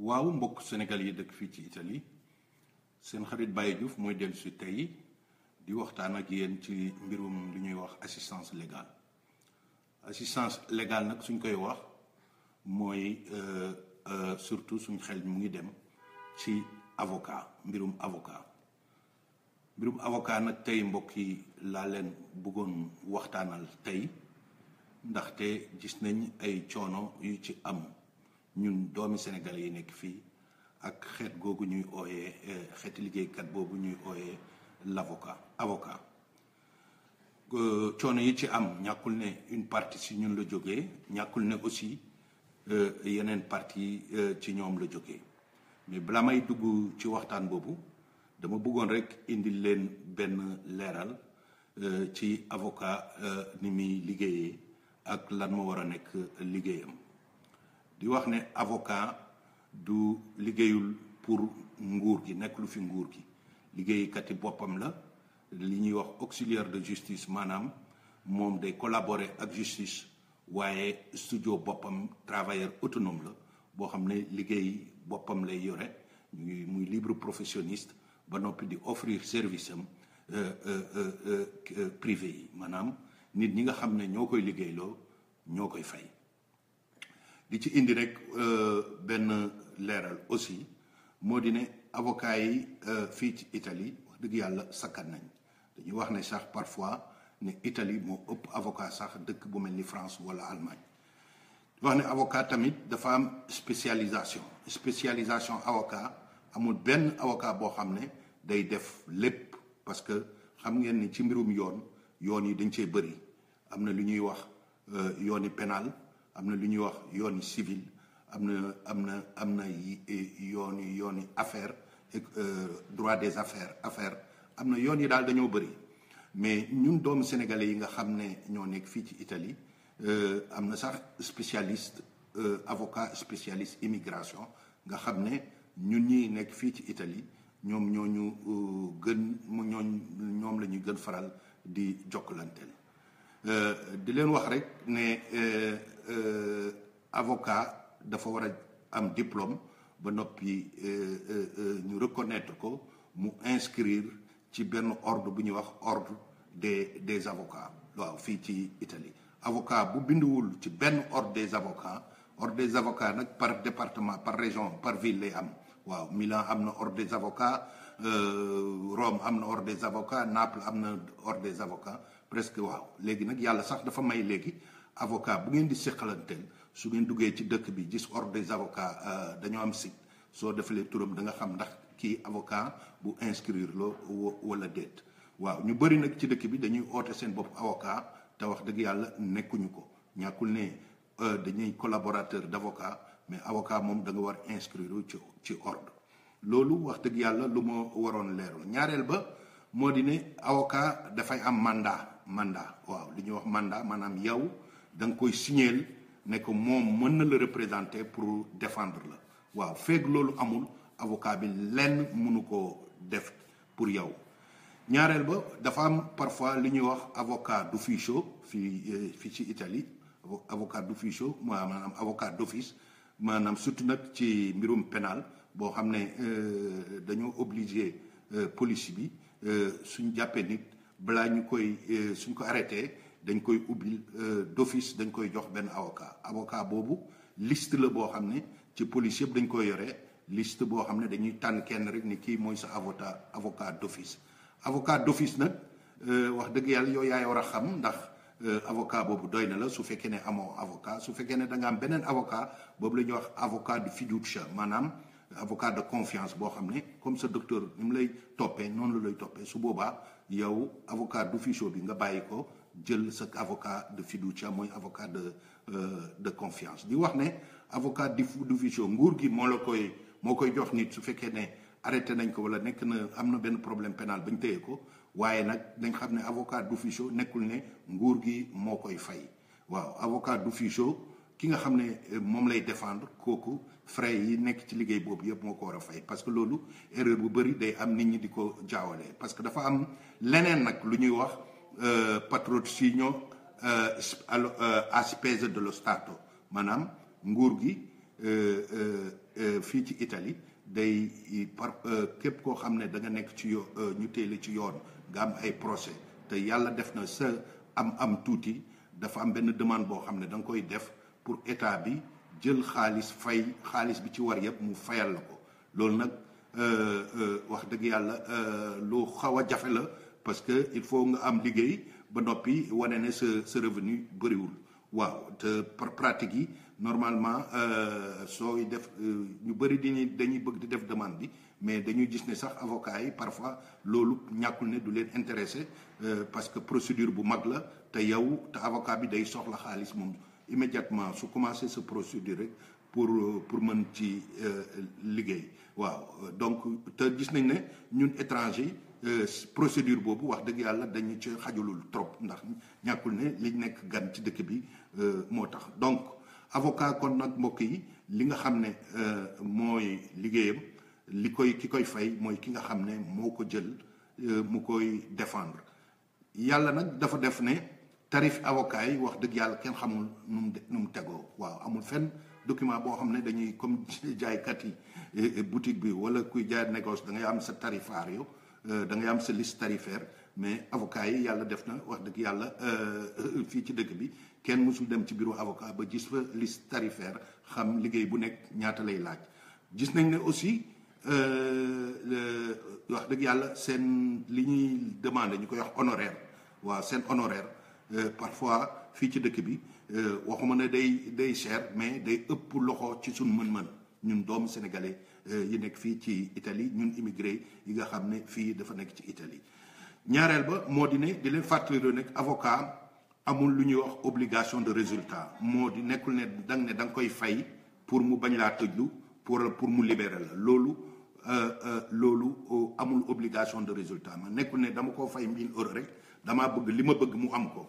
waaw mbokk Sénégal yi dëkk fii ci Italie seen xarit Baye Diouf mooy dellu si tey di waxtaan ak yéen ci mbirum li ñuy wax assistance légale assistance légale nag suñ koy wax mooy euh, euh, surtout suñ xel mu ngi dem ci avocat mbirum avocat mbirum avocat nag tey mbokk yi laa leen bëggoon waxtaanal tey ndaxte gis nañ ay coono yu ci am ñun doomi Sénégal yi nekk fii ak xeet googu ñuy ooyee eh, xeeti liggéeykat boobu ñuy ooyee l'avocat avocat coono yi ci am ñàkkul ne une partie si ñun la jógee ñàkkul ne aussi eh, yeneen partie eh, ci ñoom la jógee mais balaa may dugg ci waxtaan boobu dama bëggoon rek indi leen benn leeral ci avocat ni muy liggéeyee ak lan moo war a nekk liggéeyam di wax ne avocat du liggéeyul pour nguur gi nekk lu fi nguur gi liggéeykati boppam la li ñuy wax auxiliaire de justice maanaam moom day collaborer ak justice waaye studio boppam travailleur autonome la boo xam ne liggéey boppam lay yore ñuy muy libre professionniste ba noppi di offrir service am euh, euh, euh, privé yi maanaam nit ñi nga xam ne ñoo koy liggéeyloo ñoo koy fay di ci indi rek euh, benn leeral aussi moo di ne avocat yi euh, fii ci Italie wax dëgg yàlla sakkan nañ dañuy wax ne sax parfois ne Italie moo ëpp avocat sax dëkk bu mel ni France wala Allemagne wax ne avocat tamit dafa am spécialisation spécialisation avocat amul benn avocat boo xam ne day def lépp parce que xam ngeen ni ci mbirum yoon yoon yi dañ cee bëri am na lu ñuy wax euh, yooni pénal amna na wax yooni civil amna amna amna na am na yooni yooni affaire eh, droit des affaires affaire amna na dal dañu daal mais ñun doomu sénégalais yi nga xamné ño nek fi ci Italie euh amna sax spécialiste eh, avocat spécialiste immigration nga xamné ñun ñi nek fi ci Italie ñom ñoñu ñu eh, gën ñooñ ñoom gën faral di jokkalanteel euh, di leen wax rek ne euh, euh, avocat dafa war a am diplôme ba noppi ñu reconnaître ko mu inscrire ci benn ordre bu ñuy wax ordre des des avocats waaw fii ci Italie avocat bu binduwul ci benn ordre des avocats ordre des avocats par département par région par ville am waaw Milan am na ordre des avocats Rome am na ordre des avocats Naples am na ordre des avocats presque waaw léegi nag yàlla sax dafa may léegi avocat bu ngeen di séqalanteel su ngeen duggee ci dëkk bi gis ordre des avocats euh, dañoo am site soo defalee turam da nga xam ndax kii avocat bu inscrire la wala déet waaw ñu bëri nag ci dëkk bi dañuy oote seen bopp avocat te wax dëgg yàlla nekkuñu ko ñàkkul ne euh, dañuy collaborateur d'avocat mais avocat moom da nga war inscrire ci ci ordre loolu wax dëgg yàlla lu ma waroon leeral ñaareel ba moo di ne avocat dafay am mandat mandat waaw li ñuy wax mandat maanaam yow da nga koy signeel ne ko moom mën na la représenter pour défendre la waaw feeg loolu amul avocat bi lenn mënu ko def pour yow ñaareel ba dafa am parfois li ñuy wax avocat d'ufficio fi eh, fi ci Italie avocat d'ufficio maanaam avocat d'office maanaam surtout nag ci mbirum pénal boo xam ne euh, dañoo obligé euh, police bi euh, suñ jàppee nit balaa ñu koy euh, suñ ko arrêté dañ koy euh, d'office dañ koy jox ben avocat avocat bobu liste le boo xam ne ci police yëpp dañ koy yore liste boo xam ne dañuy tànn kenn rek ni kii mooy sa avocat avocat d'office avocat d'office nag euh, wax dëgg yàlla yo yaay war xam ndax avocat bobu doy na la su fekkee ne avocat su fekkee ne da nga am beneen avocat boobu la ñuy wax avocat de fiducia manam avocat de confiance boo xam ne comme ce docteur ni mu lay toppee noonu la lay toppee su yow avocat d'officio bi nga bayiko ko jël sa avocat de fiducia moy avocat de euh, de confiance di wax ne avocat d'officio nguur gi mo la koy mo koy jox nit su fekké né arrêté nañ ko wala nek na amna ben problème pénal ba téyé ko wayé nak dañ xamné avocat d'officio nekul ne nguur gi mo koy fay waaw avocat d'officio ki nga xam ne euh, moom lay defendre kooku frais yi nekk ci liggéey boobu yëpp moo ko war a fay parce que loolu erreur bu bëri day am nit ñi di ko jaawale parce que dafa am leneen nag lu ñuy wax euh, patrocinio euh, de lo Stato maanaam nguur gi fii ci itali day par képp koo xam ne da nga nekk ci yo ñu téele ci yoon nga am ay procès te yàlla def na sa am am tuuti dafa am benn demande boo xam ne da nga koy def pour état bi jël xaalis fay xaalis bi ci war yëpp mu fayal la ko loolu nag euh, euh, wax dëgg yàlla euh, lu xaw a jafe la parce que il faut nga am liggéey ba noppi wane ne sa sa revenu bëriwul waaw te pratique yi normalement sooy def ñu bëri dañuy dañuy bëgg di def demande bi mais dañuy gis ne sax avocat yi parfois loolu ñàkkul ne du leen intéressé parce que procédure bu mag la te yow te avocat bi day soxla xaalis moom immédiatement su commencé sa procédure rek pour euh, pour mën ci euh, liggéey waaw donc te gis nañ ne ñun étranger euh, procédure boobu wax dëgg yàlla dañu ci xajalul trop ndax ñàkkul ne liñ nekk gan ci dëkk bi moo tax donc avocat kon nag mbokk yi li nga xam ne mooy liggéeyam li koy ki koy fay mooy ki nga xam ne moo ko jël mu koy defendre yàlla nag dafa def ne tarif avocat yi wax dëgg yàlla kenn xamul nu mu nu mu tegoo waaw amul fenn document boo xam ne dañuy comme jaaykat yi eh, boutique bi wala kuy jaay négoce da ngay am sa tarifario euh, da ngay am sa liste tarifaire mais avocat yi yàlla def na wax dëgg yàlla euh, fii ci dëkk bi kenn mësul dem ci bureau avocat ba gis fa liste tarifaire xam liggéey bu nekk ñaata lay laaj gis nañ ne aussi euh, wax dëgg yàlla seen li ñuy demande ñu koy wax honoraire waa seen honoraire Euh, parfois fi ci dëkk bi euh, waxuma ne day day cher mais day ëpp loxo ci suñ mën-mën ñun doomu sénégalais euh, yi nekk fii ci Italie ñun immigré yi nga xam ne fii dafa nekk ci Italie ñaareel ba moo di ne di leen fàttali nekk avocat amul lu ñuy wax obligation de résultat moo di nekkul ne dang ne dang koy fay pour mu bañ laa tëjlu pour pour mu libérer la loolu loolu amul obligation de résultat ma nekkul ne dama koo fay mille euros rek dama bëgg li ma bëgg mu am ko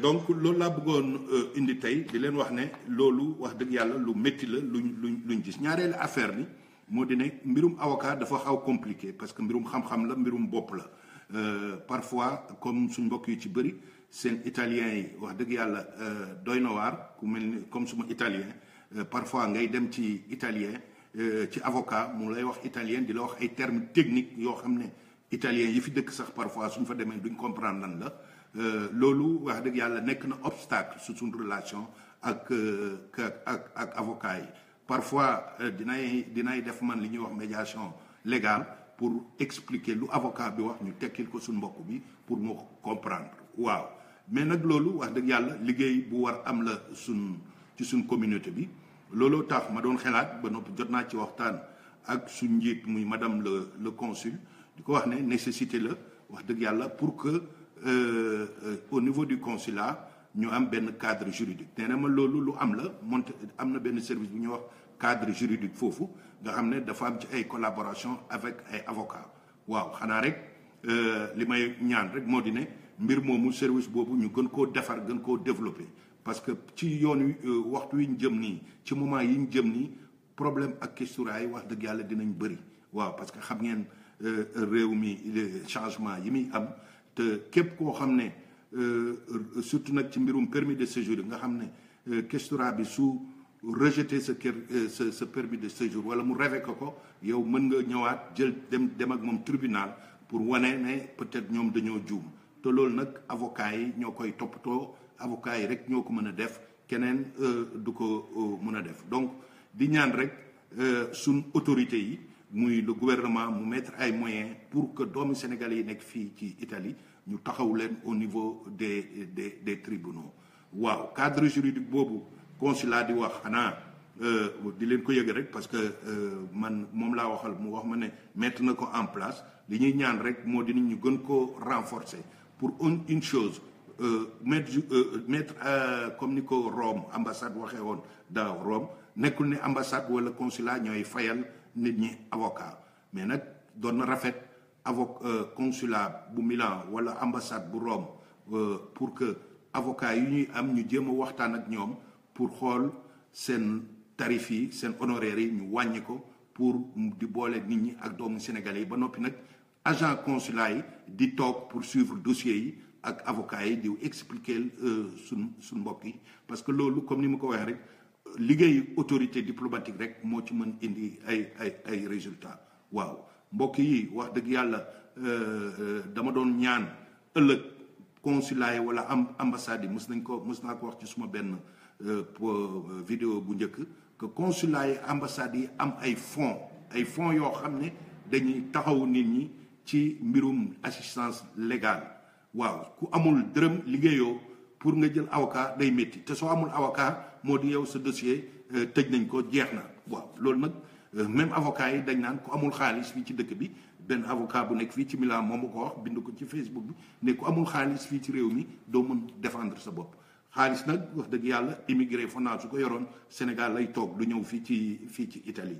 donc loolu laa bëggoon euh, indi tey di leen wax ne loolu wax dëgg yàlla lu métti la luñ luñ luñ gis ñaareelu affaire bi moo di ne mbirum avocat dafa xaw compliqué parce que mbirum xam-xam la mbirum bopp la euh, parfois comme suñ mbokk yu ci bëri seen italien yi wax dëgg yàlla euh, doy na waar ku mel ni comme suma italien parfois ngay dem ci italien ci avocat mu lay wax italien di la wax ay termes techniques yoo xam ne italien yi fi dëkk sax parfois suñ fa demee duñ comprendre lan la euh, lolou wax deug yalla nek na obstacle su suñ relation euh, ak ak ak avocat yi parfois euh, dinaay dinaay def man li wax médiation légale pour expliquer lu avocat bi wax ñu tekkil ko suñ mbokk bi pour mu comprendre waaw mais nak lolou wax deug yalla liggey bu war am la suñ ci suñ communauté bi looloo tax ma doon xelaat ba noppi jot naa ci waxtaan ak suñ njiit muy madame le le consul di ko wax ne nécessité la wax dëgg yàlla pour que euh, euh, au niveau du consulat ñu am benn cadre juridique nee na ma loolu lu am la monte am na benn service bu ñuy wax cadre juridique foofu nga xam ne dafa am ci ay collaboration avec ay avocats waaw xanaa rek euh, li may ñaan rek moo di mbir moomu service boobu ñu gën koo defar gën koo développer parce que ci yoon waxtu wi ñu jëm nii ci moment yi ñu jëm nii problème ak questura yi wax dëgg yàlla dinañ bëri waaw parce que xam ngeen réew mi est yi muy am te képp koo xam ne euh, surtout nag ci mbirum permis de séjour nga xam ne euh, questura bi su rejeté sa kër euh, sa sa permis de séjour wala mu révoqué ko yow mën nga ñëwaat jël dem dem ak moom tribunal pour wane ne peut-être ñoom dañoo juum te loolu nag avocat yi ñoo koy toppatoo avocat yi rek ñoo ko mën a def keneen du ko mën a def donc di ñaan rek sun autorité yi muy le gouvernement mu mettre ay moyens pour que doomi Sénégal yi nekk fii ci Italie ñu taxaw leen au niveau des des des tribunaux waaw cadre juridique bobu consulat di wax euh di leen ko yëg rek parce que euh, man mom la waxal mu wax ma ne mettre nako en place li ñi ñaan rek mo di ñu gën ko renforcer pour une une chose euh, mettre euh, mettre comme ni ko Rome ambassade waxé won dans Rome nekkul ni ambassade wala consulat ñoy fayal nit ñi avocat mais nak doon rafet avocat euh, consulat bu Milan wala ambassade bu Rome euh, pour que avocat yi ñuy am ñu jéem waxtaan ak ñoom pour xool seen tarif yi seen honoraires yi ñu wàññi ko pour di boole nit ñi ak doomu sénégalais yi ba noppi nag agent consulat yi di toog pour suivre dossier yi ak avocat yi di expliquer euh, sun sun mbokk yi parce que loolu comme ni ma ko waxee rek liggéey autorité diplomatique rek moo ci mën indi ay ay ay résultats waaw mbokk yi wax dëgg yàlla euh, euh, dama doon ñaan ëllëg consulat yi wala am ambassade yi mës nañ ko mës naa ko wax ci suma benn euh, vidéo bu njëkk que consulat yi yi am ay fonds ay fonds yoo xam ne dañuy taxawu nit ñi ci mbirum assistance légale waaw ku amul dërëm liggéeyoo pour nga jël avocat day métti te soo amul avocat moo di yow sa dossier tëj nañ ko jeex na waaw loolu nag Euh, même avocat yi dañ nan ko amul ci bi avocat bu ci Milan ko wax ko ci Facebook bi ne ko amul fi ci réew mi mën défendre sa wax immigré su ko Sénégal lay du ci ci Italie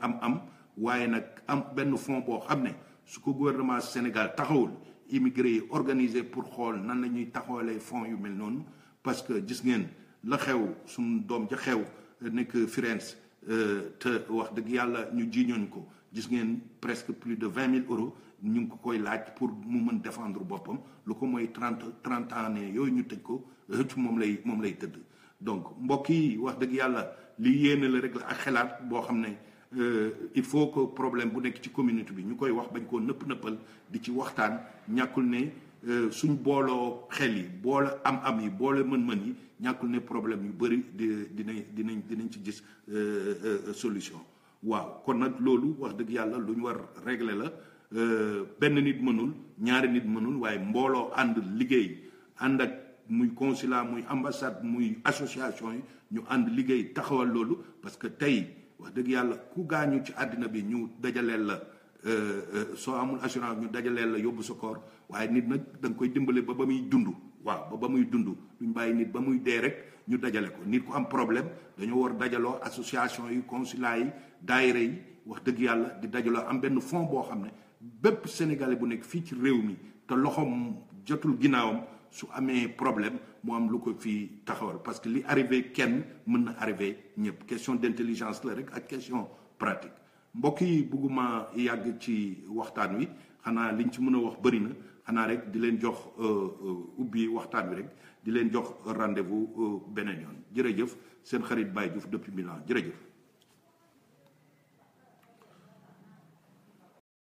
am-am am su ko gouvernement Sénégal taxawul immigré organisé pour xol nan lañuy yu parce que gis ngeen la xew ja nekk Firenze euh, te wax deug yalla ñu jiñoon ko gis ngeen presque plus de vingt mille euros ñu ngi ko koy laaj pour mu mën défendre boppam lu ko moy 30 30 années yoy ñu tëj ko ci mom lay mom lay teud donc mbokk yi wax deug yalla li yéene la rek ak xelat bo xamné Euh, il faut que problème bu nek ci communauté bi ñukoy wax bañ ko nëpp nëppal di ci waxtaan ñakul ne Euh, suñ booloo xel yi boole am-am yi boole mën-mën yi ñàkkul ne problème yu bëri di dinañ dinañ dinañ ci gis euh, euh, solution. waaw kon nag loolu wax dëgg yàlla lu ñu war régler la benn nit mënul ñaari nit mënul waaye mbooloo ànd liggéey ànd ak muy consulat muy ambassade muy association yi ñu ànd liggéey taxawal loolu parce que tey wax dëgg yàlla ku gaañu ci àddina bi ñu dajaleel la. Euh, euh, soo amul assurance ñu dajaleel la yóbbu sa koor waaye nit nag da nga koy dimbale ba ba muy dund waaw ba ba muy dund duñ bàyyi nit ba muy dee rek ñu dajale ko nit ku am problème dañoo war dajaloo association yi consulat yi daayira yi wax dëgg yàlla di dajaloo am benn fond boo xam ne bépp sénégalais bu nekk fii ci réew mi te loxoom jotul ginnaawam su amee problème mu am lu ko fi taxawal parce que li arrivé kenn mën na arrivé ñëpp question d'intelligence la rek ak question pratique mbokk yi bëgguma yàgg ci waxtaan wi xanaa liñ ci mën a wax bëri na xanaa rek di leen jox euh, euh, ubbi waxtaan wi rek di leen jox rendez-vous euh, beneen yoon jërëjëf seen xarit Baye Diouf depuis Milan jërëjëf.